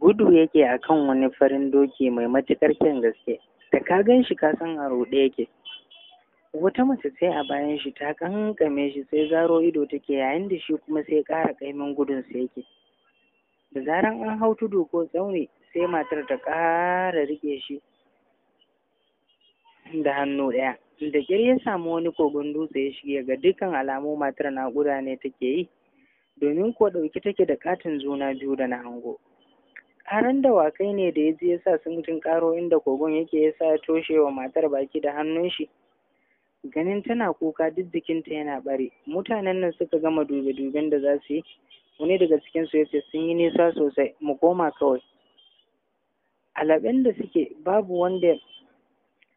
gudu yake akan wani farin doki mai matuƙar kyan gaske da ka gan shi ka san a ruɗe yake wata mace sai a bayan shi ta kankame shi sai zaro ido take yayin da shi kuma sai ƙara ƙaimin gudun sa yake da zaran an hau tudu ko tsauni sai matar ta ƙara riƙe shi da hannu ɗaya da ƙyar ya samu wani kogon dutse ya shige ga dukkan alamu matar naƙuda ne take yi domin ko ɗauki take da katin juna biyu da na hango Haran dawakai ne da ya ji ya sa sun karo inda kogon yake ya sa ya toshe wa matar baki da hannun shi. Ganin tana kuka duk jikinta yana bare. Mutanen nan suka gama dube-duben da za su yi. Wani daga su ya ce sun yi nisa sosai, mu koma kawai. Alaɓen da suke babu wanda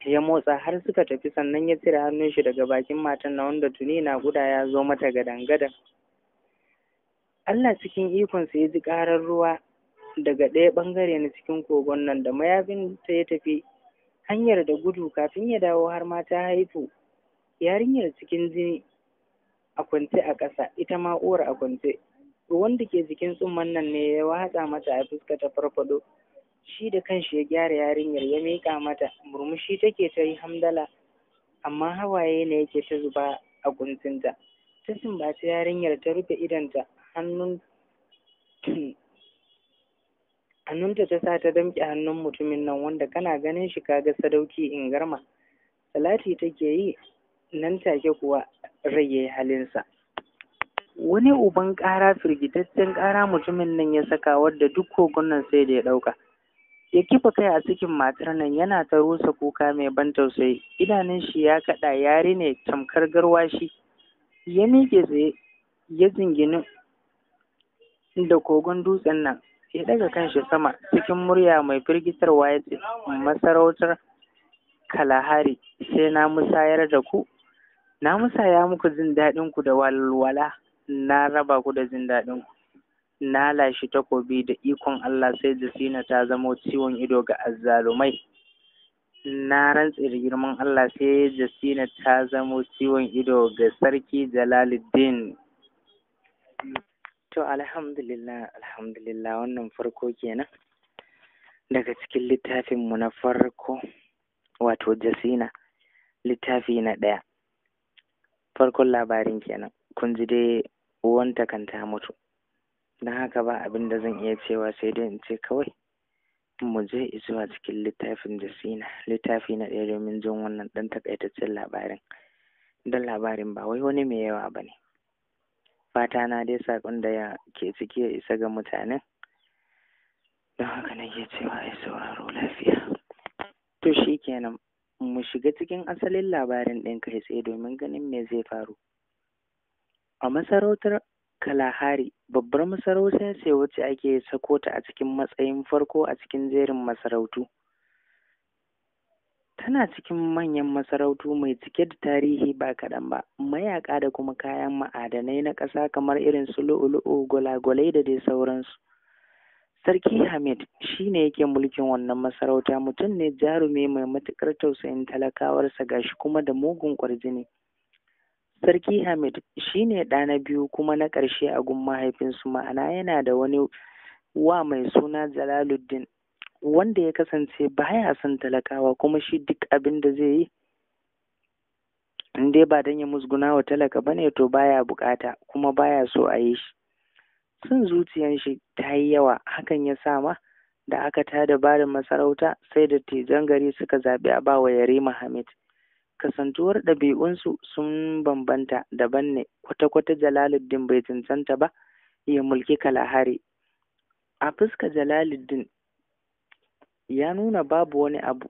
ya motsa har suka tafi sannan ya cire hannun shi daga bakin matan na wanda tuni na guda ya zo mata gadan-gadan. Allah cikin ikonsa ya ji ƙarar ruwa daga ɗaya ɓangare na cikin kogon nan da mayafin ta ya tafi hanyar da gudu kafin ya dawo har ma ta haifu yarinyar cikin jini a kwance a ƙasa ita ma uwar a kwance ruwan da ke jikin tsumman nan ne ya watsa mata a fuska ta farfado shi da kanshi ya gyara yarinyar ya miƙa mata murmushi take ta yi hamdala amma hawaye ne yake ta zuba a kuntinta ta sumbaci yarinyar ta rufe idonta hannun hannunta ta sa ta damƙe hannun mutumin nan wanda kana ganin shi kaga sadauki in garma salati take yi nan take kuwa rai yayi halinsa wani uban ƙara firgitaccen ƙara mutumin nan ya saka wadda duk kogunan sai da ya ɗauka ya kifa kai a cikin matar nan yana ta rusa kuka mai ban tausayi idanun shi ya kaɗa yare ne tamkar garwashi ya miƙe tsaye ya da kogon dutsen nan ya daga kanshi sama cikin murya mai firgitarwa ya ce masarautar kalahari sai na musayar da ku na musaya muku jin daɗin ku da walwala na raba ku da jin daɗin ku na lashi takobi da ikon Allah sai da Sina ta zamo ciwon ido ga azzalumai na rantse da girman Allah sai da Sina ta zama ciwon ido ga sarki jalaluddin To alhamdulillah alhamdulillah wannan farko kenan daga cikin littafinmu na farko wato jasina littafi na ɗaya farkon labarin kenan kun ji dai uwan kan ta mutu don haka ba abin da zan iya cewa sai dai in ce kawai mu je zuwa cikin littafin jasina littafi na ɗaya domin jin wannan ɗan takaitaccen labarin don labarin ba wai wani mai yawa ba ne fata na dai saƙon da ya ke ciki ya isa ga mutanen don haka na ke cewa ya sauraro lafiya to shi kenan mu shiga cikin asalin labarin ɗin kai tsaye domin ganin me zai faru a masarautar kalahari babbar masarautar ce wacce ake sako ta a cikin matsayin farko a cikin jerin masarautu tana cikin manyan masarautu mai cike da tarihi ba kaɗan ba mayaƙa da kuma kayan ma'adanai na ƙasa kamar irin su lu'ulu'u gwalagwalai da dai sauransu sarki hamid shi ne yake mulkin wannan masarauta mutum ne jarumi mai matuƙar tausayin talakawarsa gashi kuma da mugun ƙwarjini sarki hamid shi ne ɗa na biyu kuma na ƙarshe a gun mahaifinsu ma'ana yana da wani wa mai suna jalaluddin wanda ya kasance baya son talakawa kuma shi duk abin da zai yi in dai ba don ya musguna wa talaka ba ne, to baya bukata kuma baya so a yi shi sun zuciyan shi ta yi yawa hakan ya sa ma da aka ta da barin masarauta sai da tijan gari suka zaɓi a bawa yarima hamid kasantuwar ɗabi'unsu sun bambanta daban ne kwata-kwata jalaluddin bai cancanta ba ya mulki kalahari a fuska jalaluddin ya nuna babu wani abu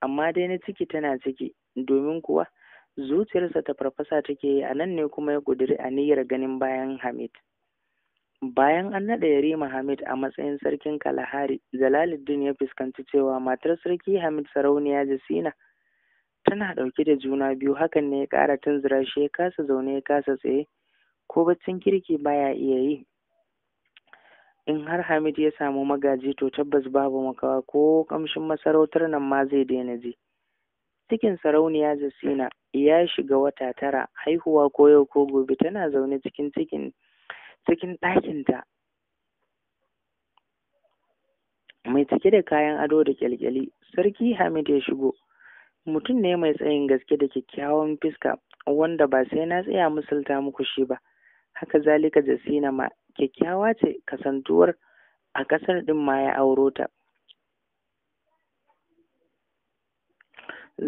amma dai na ciki tana ciki domin kuwa zuciyarsa ta farfasa take yi a nan ne kuma ya ƙudiri niyyar ganin bayan hamid bayan an naɗa yarima hamid a matsayin sarkin kalahari jalaluddin ya fuskanci cewa matar sarki hamid sarauniya jasina tana ɗauke da juna biyu hakan ne ya ƙara tunzura shi ya kasa zaune ya kasa tsaye ko baccin kirki baya iya yi in har Hamid ya samu magaji to tabbas babu makawa ko kamshin masarautar nan ma zai daina ji. Cikin sarauniya Jasina ya shiga wata tara haihuwa ko yau ko gobe tana zaune cikin cikin cikin ɗakinta mai cike da kayan ado da kyalkyali sarki Hamid ya shigo mutum ne mai tsayin gaske da kyakkyawan fiska wanda ba sai na tsaya musulta muku shi ba haka zalika Jasina ma kyakkyawa ce kasantuwar a ƙasar ɗin ma ya auro ta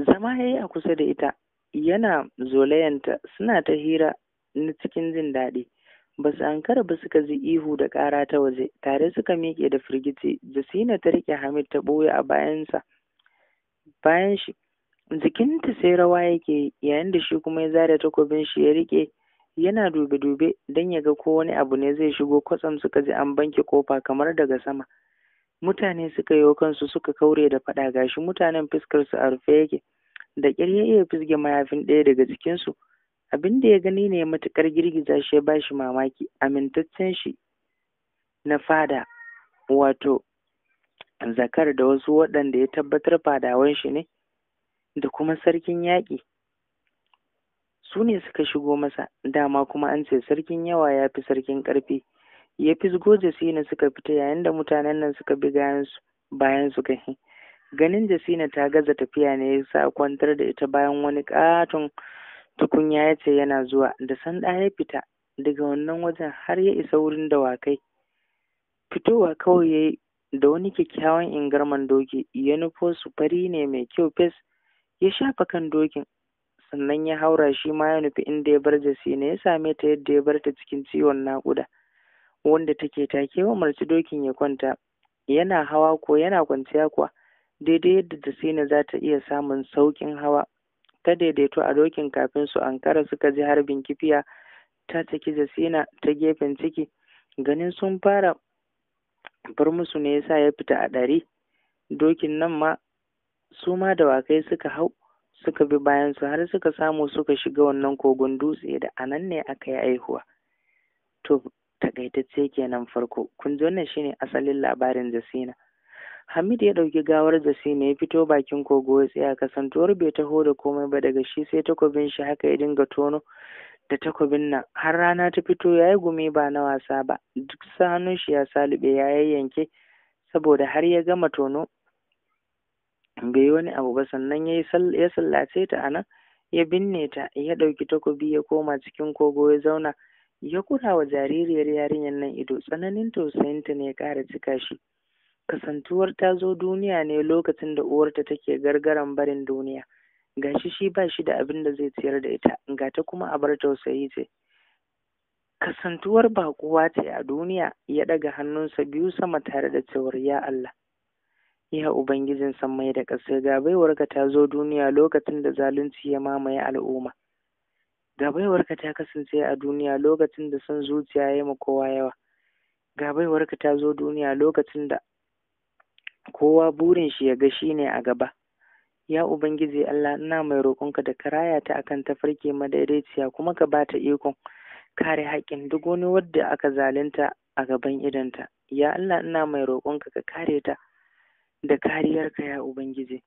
zama ya yi a kusa da ita yana zolayanta suna ta hira na cikin jin daɗi ba su ankara ba suka ji ihu da ƙara ta waje tare suka miƙe da firgici jasina ta riƙe hamid ta ɓoye a bayansa bayan shi jikinta sai rawa yake yayin da shi kuma ya zare takobin shi ya riƙe yana dube-dube don ya ga ko wani abu ne zai shigo kwatsam suka ji an banke kofa kamar daga sama mutane suka yo kansu suka kaure da faɗa gashi mutanen fuskar su a rufe yake da kyar ya iya fisge mayafin ɗaya daga su abin da ya gani ne matukar girgiza shi ya ba shi mamaki amintaccen shi na fada wato zakar da wasu waɗanda ya tabbatar fadawan shi ne da kuma sarkin yaƙi su ne suka shigo masa dama kuma an ce sarkin yawa ya fi sarkin ƙarfi ya fisgo jasina suka fita yayin da mutanen nan suka bi gayansu bayan su kai ganin jasina ta gaza tafiya ne ya sa kwantar da ita bayan wani katon tukunya ya ce yana zuwa da sanda ya fita daga wannan wajen har ya isa wurin dawakai fitowa kawai ya da wani kyakkyawan ingarman doki ya nufo su fari ne mai kyau fes ya shafa kan dokin sannan ya haura shi ma ya nufi inda ya bar jasina ya same ta yadda ya bar ta cikin ciwon naƙuda wanda take take wa marci dokin ya kwanta yana hawa ko yana kwanciya kuwa daidai yadda jasina za ta iya samun sauƙin hawa ta daidaito a dokin kafin su ankara suka ji harbin kifiya ta ciki jasina ta gefen ciki ganin sun fara bar musu ne yasa ya fita a ɗari dokin nan ma su ma dawakai suka hau suka bi bayan su har suka samu suka shiga wannan kogon dutse da anan ne aka yi aihuwa to takaitacce kenan farko kun ji wannan shine asalin labarin jasina hamid ya ɗauki gawar jasina ya fito bakin kogo ya tsaya kasantuwar bai taho da komai ba daga shi sai takobin shi haka ya dinga tono da takobin nan har rana ta fito ya yi gumi ba na wasa ba duk sa hannun shi ya salube ya yayyanke saboda har ya gama tono bai wani abu ba sannan ya ya sallace ta a nan ya binne ta ya ɗauki takobi ya koma cikin kogo ya zauna ya kura wa jaririyar yarinyar nan ido tsananin tausayinta ne ya ƙara cika shi kasantuwar ta zo duniya ne lokacin da uwarta take gargaran barin duniya gashi shi ba shi da abin da zai ciyar da ita ga ta kuma a bar tausayi ce kasantuwar baƙuwa ce a duniya ya ɗaga hannunsa biyu sama tare da cewar ya Allah Ya Ubangijin sammai da ƙasa ga baiwarka ta zo duniya lokacin da zalunci ya mamaye al'umma. Ga baiwarka ta kasance a duniya lokacin da son zuciya ya ma kowa yawa. Ga baiwarka ta zo duniya lokacin da kowa burin shi ya ga shi ne a gaba. Ya Ubangiji Allah, ina mai roƙonka da ka raya ta akan tafarki madaidaiciya kuma ka ba ta ikon kare haƙƙin duk wani wadda aka zalunta a gaban idonta. Ya Allah, ina mai roƙonka ka kare ta. da kariyarka ya Ubangiji.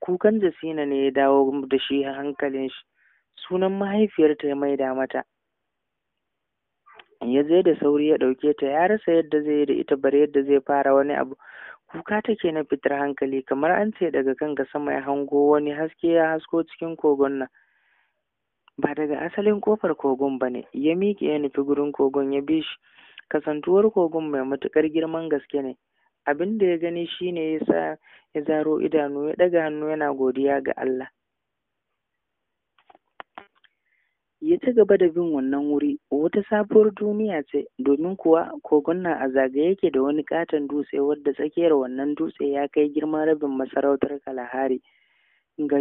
Kukan Jasina ne ya dawo da shi hankalin shi, sunan mahaifiyarta ya maida mata. Ya je da sauri ya ɗauke ta ya rasa yadda zai yi da ita bare yadda zai fara wani abu. Kuka take na fitar hankali kamar an ce daga kanka sama ya hango wani haske ya hasko cikin kogon nan. Ba daga asalin kofar kogon ba ne, ya miƙe ya nufi gurin kogon ya bi shi. Kasantuwar kogon mai matuƙar girman gaske ne. abin da ya gani shine ya sa ya zaro idanu ya ɗaga hannu yana godiya ga Allah ya ci gaba da bin wannan wuri wata sabuwar duniya ce domin kuwa kogon na a zagaye yake da wani katon dutse wadda tsakiyar wannan dutse ya kai girman rabin masarautar kalahari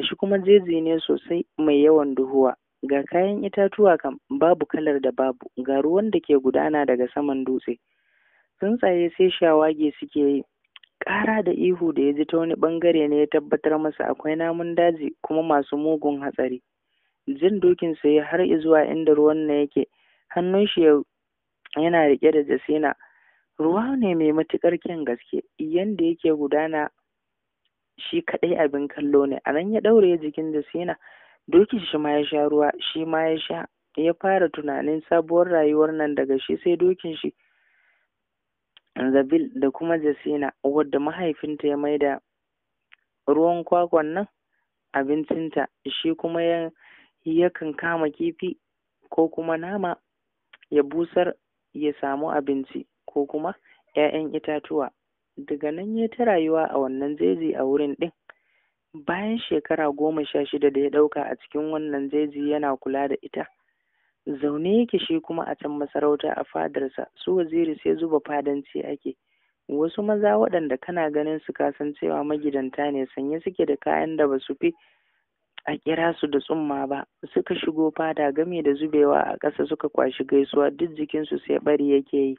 shi kuma jeji ne sosai mai yawan duhuwa ga kayan itatuwa kam babu kalar da babu ga ruwan da ke gudana daga saman dutse tsuntsaye sai shawage suke yi ƙara da ihu da ya ji ta wani ɓangare ne ya tabbatar masa akwai namun daji kuma masu mugun hatsari jin dokinsa ya har izuwa inda ruwan nan yake hannun shi yana riƙe da jasina ruwa ne mai matuƙar kyan gaske yanda yake gudana shi kaɗai abin kallo ne a nan ya ɗaure jikin jasina dokin shi ma ya sha ruwa shi ma ya sha ya fara tunanin sabuwar rayuwar nan daga shi sai dokin shi Zabil da kuma Jasina wadda mahaifinta ya maida ruwan kwakwan nan abincinta shi kuma ya yakan kama kifi ko kuma nama ya busar ya samu abinci ko kuma ‘ya'yan itatuwa daga nan ya ta rayuwa a wannan jeji a wurin ɗin bayan shekara goma sha shida da ya ɗauka a cikin wannan jeji yana kula da ita zaune yake shi kuma a can masarauta a fadarsa su waziri sai zuba fadanci ake wasu maza waɗanda kana ganin su kasan cewa magidanta ne sanye suke da kayan da ba su fi a kira su da tsumma ba suka shigo fada game da zubewa a ƙasa suka kwashi gaisuwa duk jikinsu sai bari yake yi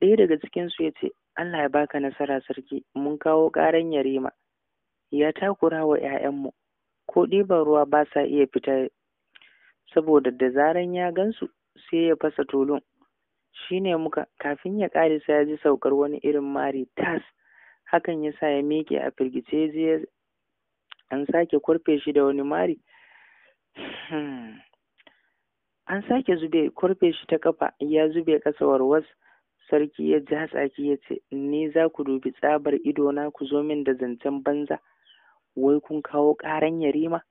ɗaya daga cikinsu ya ce allah ya baka nasara sarki mun kawo ƙaran yarima ya takura wa 'ya'yanmu ko ɗiban ruwa ba sa iya fita saboda da zaran ya gansu sai ya fasa tulun Shi ne muka kafin ya sai ya ji saukar wani irin mari tas hakan ya sa ya miƙe a firgice je an sake kurfe shi da wani mari hmm. an sake zube kurfe shi ta kafa ya zube ƙasa warwas sarki ya ji hatsaki ya ce ni za ku dubi tsabar idona ku zo min da zancen banza wai kun kawo ƙaran yarima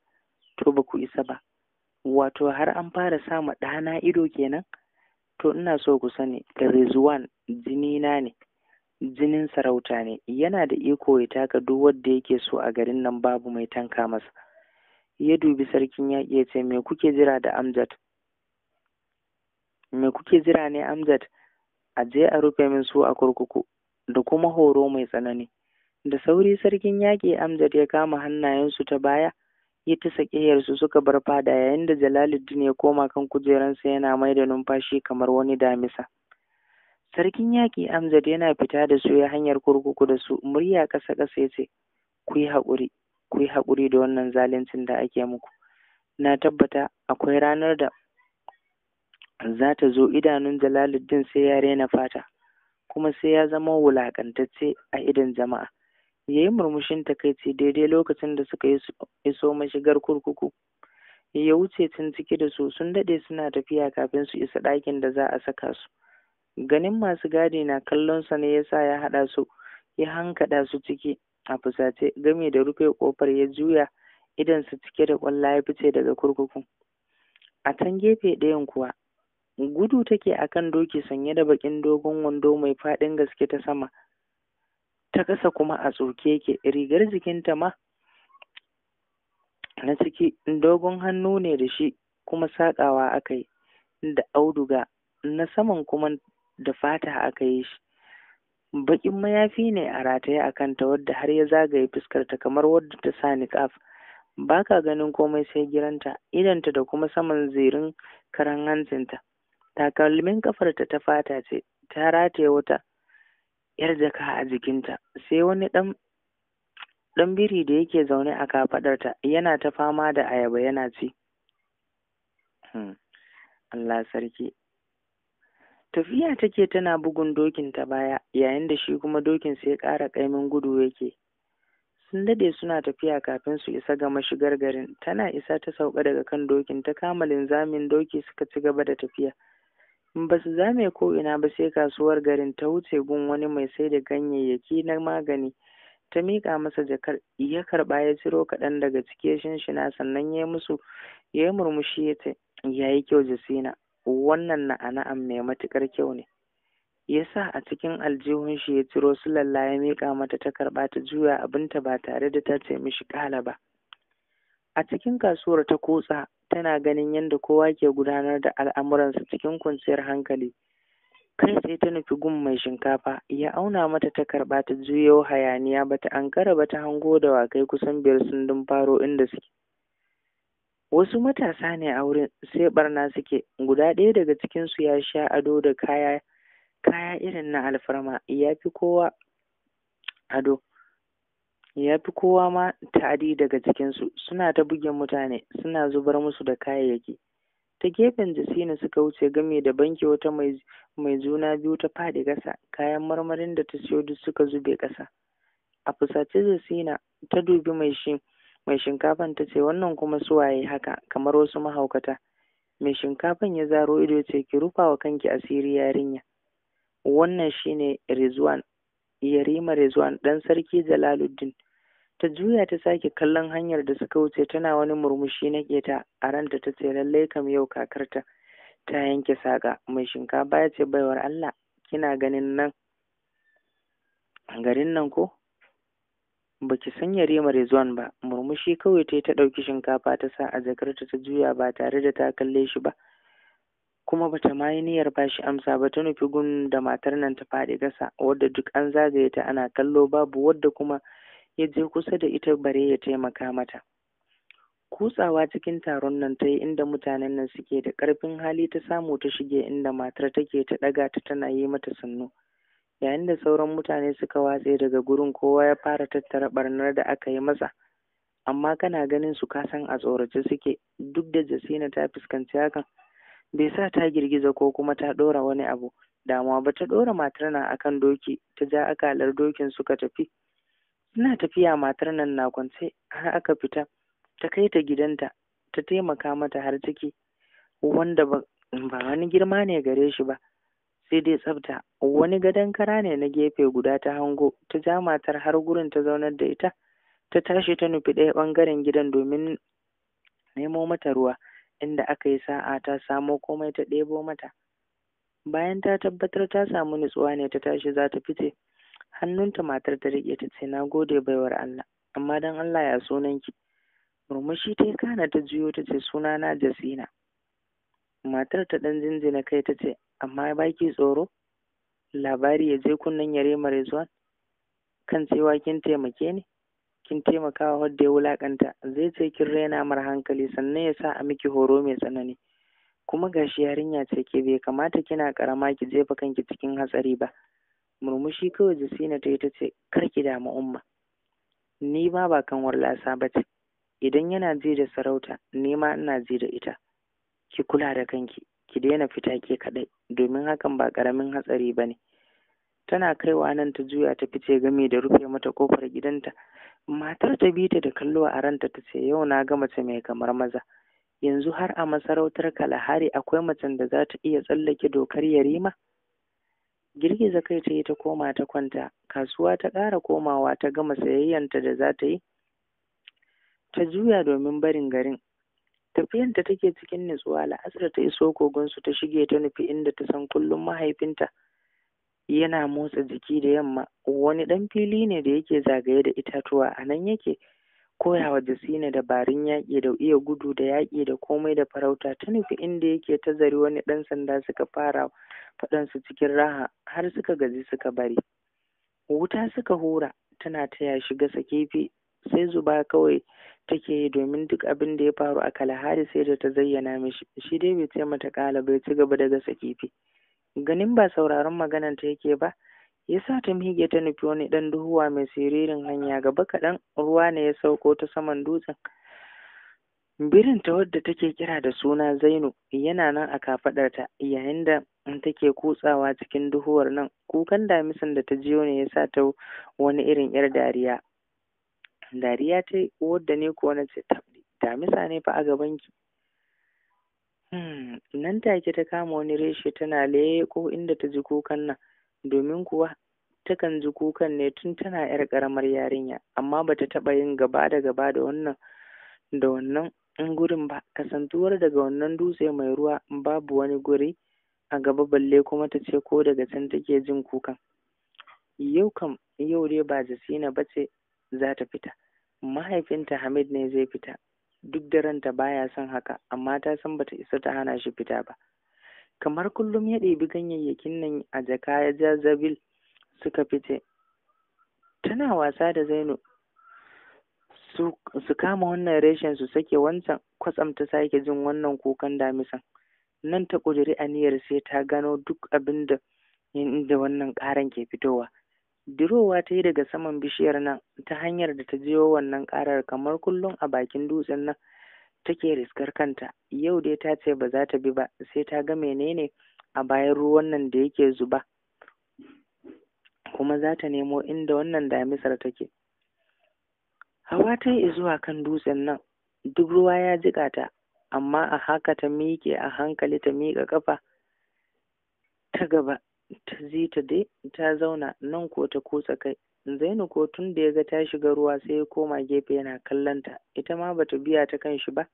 to ba ku isa ba wato har an fara sama ɗana ido kenan to ina so ku sani rizwan jinina ne jinin sarauta ne yana da iko ya taka duk wanda yake so a garin nan babu mai tanka masa ya dubi sarkin yaƙi ya ce me kuke jira da amjad me kuke jira ne amjad a je a rufe min su a kurkuku da kuma horo mai tsanani da sauri sarkin yaƙi amjad ya kama hannayensu ta baya ya ta ƙeyarsu suka bar fada yayin da Jalaluddin ya koma kan kujeransa yana mai da numfashi kamar wani damisa. Sarkin yaƙi Amzad yana fita da su ya hanyar kurkuku da su murya ƙasa ƙasa ya ce, Ku yi haƙuri, ku yi haƙuri da wannan zaluncin da ake muku. Na tabbata akwai ranar da za ta zo idanun Jalaluddin sai ya rena fata, kuma sai ya zama wulaƙantacce a idon jama'a. ya yi murmushin takaici daidai lokacin da suka iso mashigar kurkuku ya wuce tun ciki da su sun daɗe suna tafiya kafin su isa ɗakin da za a saka su ganin masu gadi na kallon sa ne yasa ya haɗa su ya hankaɗa su ciki a fusace game da rufe ƙofar ya juya idan su cike da ƙwalla ya fice daga kurkuku. a can gefe ɗayan kuwa gudu take akan doki sanye da bakin dogon wando mai faɗin gaske ta sama ta kasa kuma a tsoke yake rigar jikinta ma na ciki dogon hannu ne da shi kuma saƙawa aka yi da auduga na saman kuma da fata aka yi shi baƙin mayafi ne a rataye a kanta wadda har ya zagaye fuskarta kamar wadda ta sa niƙaf ba ka ganin komai sai giranta idanta da kuma saman zirin karan hancinta takalmin kafarta ta fata ce ta rataye wuta. 'yar jaka a jikinta sai wani ɗan ɗan biri da yake zaune a kafaɗarta yana ta fama da ayaba yana ci hmm. Allah sarki tafiya take tana bugun dokin ta baya yayin da shi kuma dokin sai ƙara ƙaimin gudu yake sun daɗe suna tafiya kafin su isa ga mashigar garin tana isa ta sauka daga kan dokin ta kama linzamin doki suka ci gaba da tafiya ba su zame ko ina ba sai kasuwar garin ta wuce gun wani mai sai da ganyayyaki na magani ta miƙa masa jakar ya karɓa ya ciro kaɗan daga cikin shinshina sannan ya musu ya yi murmushi ya ce ya yi kyau jasina wannan na na'ana'an mai matuƙar kyau ne ya sa a cikin aljihun shi ya ciro su lalla ya miƙa mata ta karɓa ta juya abinta ba tare da ta ce mishi ƙala ba A cikin kasuwar ta kotsa tana ganin yadda kowa ke gudanar da al'amuransa cikin kwanciyar hankali. Kai tsaye ta nufi gun mai shinkafa, ya auna mata ta karɓa ta juyo hayaniya ba ta ankara ba ta hango da wakai kusan biyar sun dumfaro inda suke. Wasu matasa ne a wurin sai barna suke, guda ɗaya daga cikinsu ya sha ado da kaya kaya irin na alfarma, yafi kowa ado. ya fi kowa ma tari daga cikinsu suna ta buge mutane suna zubar musu da kayayyaki ta gefen jasina suka wuce game da banki wata mai juna biyu ta faɗi ƙasa kayan marmarin da ta siyo duk suka zube ƙasa a fusace jasina ta dubi mai shi mai shinkafan ta ce wannan kuma suwaye haka kamar wasu mahaukata mai shinkafan ya zaro ido ce ki rufa wa kanki asiri yarinya wannan shine Rizwan Yarima Rizwan ɗan sarki Jalaluddin ta juya ta sake kallon hanyar da suka wuce tana wani murmushi na keta a ranta ta ce lallai kam yau kakarta ta yanke saƙa mai shinkafa ya ce baiwar Allah kina ganin nan garin nan ko baki san ya zuwan ba murmushi kawai ta yi ta ɗauki shinkafa ta sa a jakarta ta juya ba tare da ta kalle shi ba kuma bata ma yi niyyar ba shi amsa ba ta nufi gun da matar nan ta faɗi ƙasa wadda duk an zagaye ta ana kallo babu wadda kuma ya je kusa da ita bare ya taimaka mata kutsawa cikin taron nan ta yi inda mutanen nan suke da ƙarfin hali ta samu ta shige inda matar take ta ɗaga ta tana yi mata sannu yayin da sauran mutane suka watse daga gurin kowa ya fara tattara barnar da aka yi masa amma kana ganin su kasan a tsorace suke duk da jasina ta fuskanci hakan bai sa ta girgiza ko kuma ta ɗora wani abu damuwa ba ta ɗora matar na akan doki ta ja akalar dokin suka tafi ina tafiya matar nan na kwance har aka fita ta kai ta gidanta ta taimaka mata har ciki wanda ba wani girma ne gare shi ba sai dai tsafta wani gadon kara ne na gefe guda ta hango ta ja matar har gurin ta zaunar da ita ta tashi ta nufi ɗaya ɓangaren gidan domin nemo mata ruwa inda aka yi sa'a ta samo komai ta ɗebo mata bayan ta tabbatar ta samu nutsuwa ne ta tashi za ta fice hannunta matar ta riƙe ta ce na gode baiwar Allah amma don Allah ya sunanki murmushi ta kana ta juyo ta ce suna na Jasina matar ta ɗan jinjina kai ta ce amma baki tsoro labari ya je kunnen yare mare zuwa kan cewa kin taimake ni kin taimaka wa wadda ya wulakanta zai ce kin raina mar hankali sannan ya sa a miki horo mai tsanani kuma gashi yarinya ce ke bai kamata kina karama ki jefa kanki cikin hatsari ba murmushi kawai jasina ta yi ta ce ki damu umma ni ma ba kanwar lasa ba ce idan yana ji da sarauta ni ma ina ji da ita ki kula da kanki ki daina fita ke kaɗai domin hakan ba ƙaramin hatsari ba ne tana kaiwa nan ta juya ta fice game da rufe mata kofar gidanta matar ta bi ta da kallo a ranta ta ce yau na ga mace mai kamar maza yanzu har a masarautar kalahari akwai macen da za ta iya tsallake dokar yarima girgiza kai ta yi ta koma ta kwanta kasuwa ta ƙara komawa ta gama sayayyanta da za ta yi ta juya domin barin garin tafiyanta take cikin nutsuwa la'asar ta iso su ta shige ta nufi inda ta san kullum mahaifinta yana motsa jiki da yamma wani ɗan fili ne da yake zagaye da itatuwa a nan yake koyawa jasina dabarun yaƙi da iya gudu da yaƙi da komai da farauta ta nufi inda yake ta zari wani ɗan sanda suka fara faɗansu cikin raha har suka gaji suka bari wuta suka hura tana taya shi gasa kifi sai zuba kawai take yi domin duk abin da ya faru a kalahari sai da ta zayyana mishi shi dai bai ce mata kala bai ci gaba da gasa kifi ganin ba sauraron maganar ta yake ba ya sa ta mige ta nufi wani ɗan duhuwa mai siririn hanya gaba kaɗan ruwa ne ya sauko ta saman dutsen birin ta wadda take kira da suna Zainu, yana nan a kafaɗarta yayin da take kutsawa cikin duhuwar nan. Kukan damisan da ta jiyo ne ya sa ta wani irin 'yar dariya. Dariya ta yi wadda ne kuwa na ce damisa ne fa a gabanki. Hmm, nan take ta kama wani reshe tana leƙo inda ta ji kukan nan domin kuwa takan ji kukan ne tun tana 'yar ƙaramar yarinya amma bata taɓa yin gaba da gaba da wannan da wannan gurin ba kasantuwar daga wannan dutse mai ruwa babu wani guri a gaba balle kuma ta ce ko daga can take jin kukan yau kam yau dai ba jasina ba ce za ta fita mahaifinta hamid ne zai fita duk da ranta baya son haka amma ta san bata isa ta hana shi fita ba kamar kullum ya ɗebi ganyayyakin nan a jaka ya ja zabil suka fice tana wasa da zainu su su kama wannan reshen su sake wancan kwatsam ta sake jin wannan kukan damisan nan ta ƙudiri aniyar sai ta gano duk abin da inda wannan ƙaran ke fitowa dirowa ta yi daga saman bishiyar nan ta hanyar da ta jiyo wannan ƙarar kamar kullum a bakin dutsen nan take riskar kanta yau dai ta ce ba za ta bi ba sai ta ga menene a bayan ruwan nan da yake zuba kuma za ta nemo inda wannan damisar take Hawa ta yi zuwa kan dutsen nan, duk ruwa ya jiƙa ta, amma a haka ta miƙe a hankali ta miƙa ƙafa ta gaba, ta ji ta dai ta zauna nan ko ta kotsa kai. Zainu ko tun da ya ga ta shiga ruwa sai ya koma gefe yana kallon ta, ita ma ba ta biya ta kan shi ba,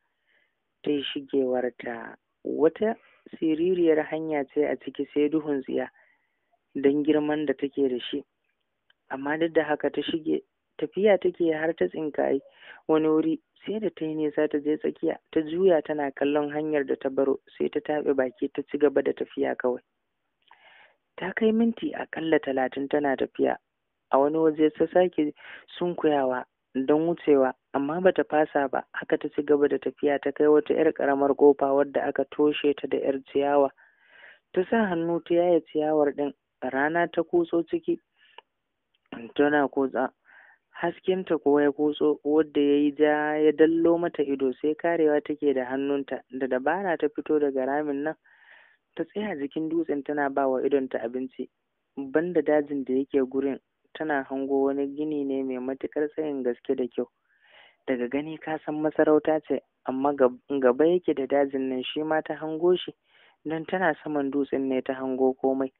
ta yi shigewarta. Wata siririyar hanya ce a ciki sai duhun tsiya, don girman da take da shi. Amma duk da haka ta shige tafiya take har ta tsinkayi wani wuri sai da ta yi nisa ta je tsakiya ta juya tana kallon hanyar da ta baro sai ta taɓe baki ta ci gaba da tafiya kawai ta kai minti akalla talatin tana tafiya a wani waje ta sake sunkuyawa don wucewa amma ba ta fasa ba haka ta ci gaba da tafiya ta kai wata 'yar ƙaramar ƙofa wadda aka toshe ta da 'yar ciyawa ta sa hannu ta yaye ciyawar ɗin rana ta kutso ciki tana kotsa haskenta kuwa ya kutso wadda ya yi ja ya dallo mata ido sai karewa take da hannunta da dabara ta fito daga ramin nan ta tsaya jikin dutsen tana ba wa idonta abinci banda dajin da yake gurin tana hango wani gini ne mai matuƙar tsayin gaske da kyau daga gani ka san masarauta ce amma gaba yake da dajin nan shi ma ta hango shi don tana saman dutsen ne ta hango komai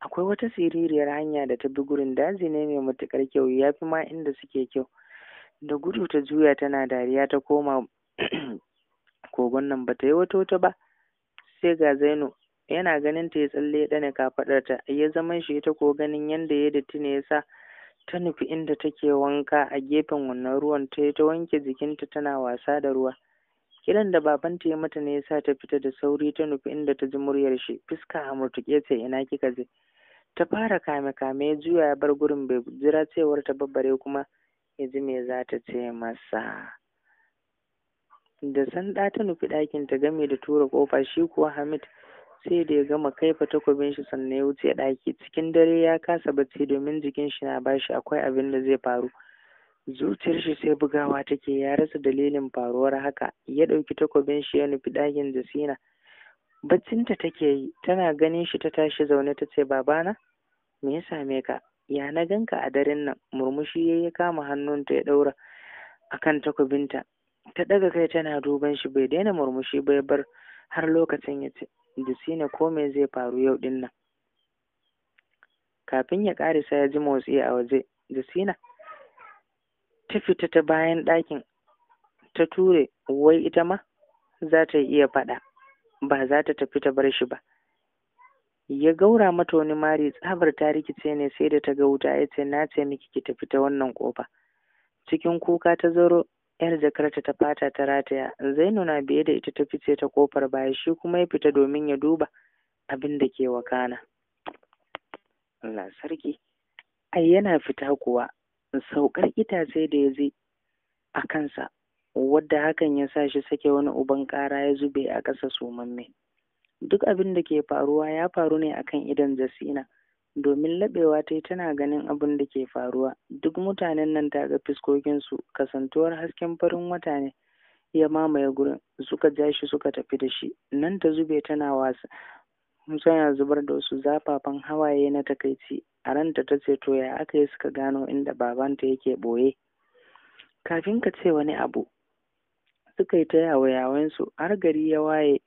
akwai wata siririyar hanya da ta bi gurin daji ne mai matuƙar kyau ya fi ma inda suke kyau da gudu ta juya tana dariya ta koma kogon nan bata yi wata wata ba sai ga zaino yana ganin ta ya tsalle ya ɗane kafaɗarta ya zaman shi ita ko ganin yadda ya datti ne ya sa ta nufi inda take wanka a gefen wannan ruwan ta ta wanke jikinta tana wasa da ruwa kiran da babanta ya mata ne ya sa ta fita da sauri ta nufi inda ta ji muryar shi fuska a murtuke ta ina kika je ta fara kame kame ya juya ya bar gurin bai jira cewar ta babbare kuma ya ji me za ta ce masa da sanda ta nufi ɗakin ta game da tura kofa shi kuwa hamid sai da ya gama kaifa takobin shi sannan ya wuce ɗaki cikin dare ya kasa bacci domin jikin shi na bashi akwai abin da zai faru zuciyar shi sai bugawa take ya rasa dalilin faruwar haka ya ɗauki takobin shi ya nufi ɗakin jasina baccinta take yi tana ganin shi ta tashi zaune ta ce babana me ya same ka ya na ganka a daren nan murmushi ya yi kama hannunta ya ɗaura a kan takobinta ta ɗaga kai tana duban shi bai daina murmushi bai bar har lokacin ya ce jasina ko me zai faru yau ɗin nan kafin ya ƙarisa ya ji motsi a waje jasina ta fita ta bayan ɗakin ta ture wai ita ma za ta iya faɗa ba za ta tafi ta bar shi ba ya gaura mata wani mari tsabar ta rikice ne sai da ta ga wuta ya ce na ce miki ki tafi ta wannan kofa cikin kuka ta zaro yar jakarta ta fata ta rataya zainu na biye da ita ta fice ta kofar baya shi kuma ya fita domin ya duba abin da ke wakana Allah sarki ai yana fita kuwa saukar itace da ya je a kansa wadda hakan ya sa shi sake wani uban ƙara ya zube a ƙasa su mamme. duk abin da ke faruwa ya faru ne akan idan jasina domin laɓewa ta tana ganin abin da ke faruwa duk mutanen nan ta ga fiskokinsu kasantuwar hasken farin wata ne ya mamaye gurin suka ja shi suka tafi da shi nan ta zube tana wasa tana zubar da wasu zafafan hawaye na takaici a ranta ta ce to ya aka yi suka gano inda babanta yake boye kafin ka ce wani abu suka yi ta yawayawansu har gari ya waye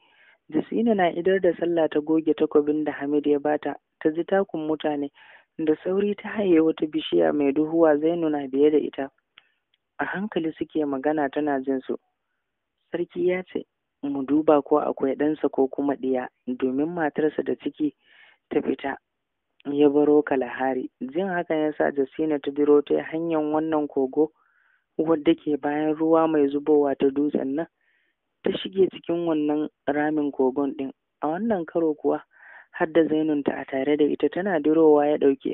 jasina na idar da sallah ta goge takobin da hamid ya bata ta ji takun mutane da sauri ta haye wata bishiya mai duhuwa zainu na biye da ita a hankali suke magana tana jin su sarki ya ce mu duba ko akwai ɗansa ko kuma ɗiya domin matarsa da ciki ta fita ya baro Kalahari. Jin hakan ya sa Justina ta biro ta hanyar wannan kogo wadda ke bayan ruwa mai zubowa ta dutsen nan, ta shige cikin wannan ramin kogon ɗin. A wannan karo kuwa har da zainunta a tare da ita tana dirowa ya ɗauki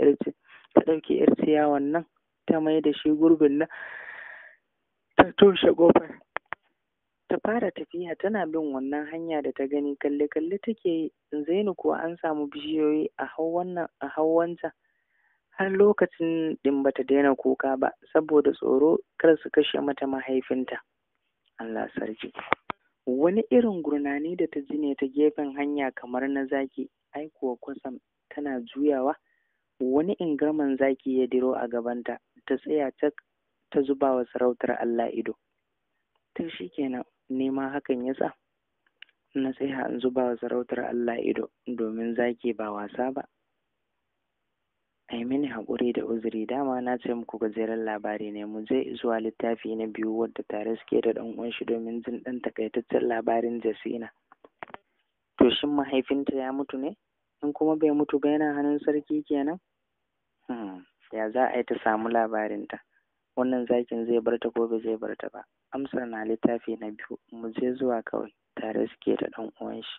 ta ɗauki ‘yar ciyawan wannan ta mai da shi gurbin nan ta toshe ƙofar. ta fara tafiya tana bin wannan hanya da ta gani kalle-kalle take yi zainu kuwa an samu bishiyoyi a wannan a wancan har lokacin din bata daina kuka ba saboda tsoro kar su kashe mata mahaifinta Allah sarki wani irin gurnani da ta ji ne ta gefen hanya kamar na zaki ai kuwa kwasam tana juyawa wani ingarman zaki ya diro a gabanta ta tsaya ta zuba wa sarautar Allah ido to kenan nema hakan ya sa na sai in zuba wa sarautar Allah ido domin zaki ba wasa ba ai mini haƙuri da uzuri dama na ce muku gajeren labari ne mu je zuwa littafi na biyu wadda tare suke da ɗan uwan shi domin jin ɗan takaitaccen labarin jasina to shin mahaifinta ya mutu ne in kuma bai mutu ba yana hannun sarki kenan hmm, ya za a yi ta samu labarinta wannan zakin zai bar ta ko ba zai bar ta ba Amsa na littafi na biyu, mu je zuwa kawai, tare suke da ɗan uwanshi.